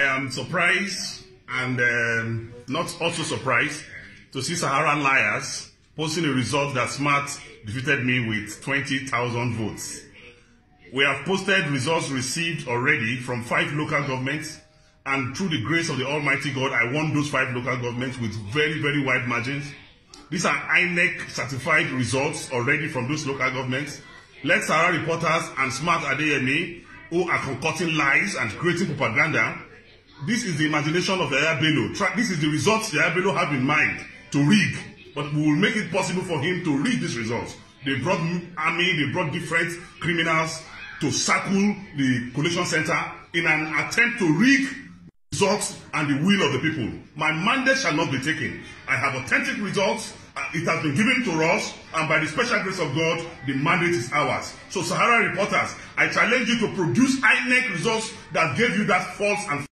I am surprised and um, not also surprised to see Saharan Liars posting a result that Smart defeated me with 20,000 votes. We have posted results received already from five local governments, and through the grace of the Almighty God, I won those five local governments with very, very wide margins. These are INEC certified results already from those local governments. Let Sahara reporters and smart Adeyemi, who are concocting lies and creating propaganda, This is the imagination of Yaya Bello. this is the results Yaya Bello have in mind to rig. But we will make it possible for him to rig these results. They brought army, they brought different criminals to circle the collation center in an attempt to rig results and the will of the people. My mandate shall not be taken. I have authentic results. Uh, it has been given to us, and by the special grace of God, the mandate is ours. So, Sahara reporters, I challenge you to produce INEC results that gave you that false and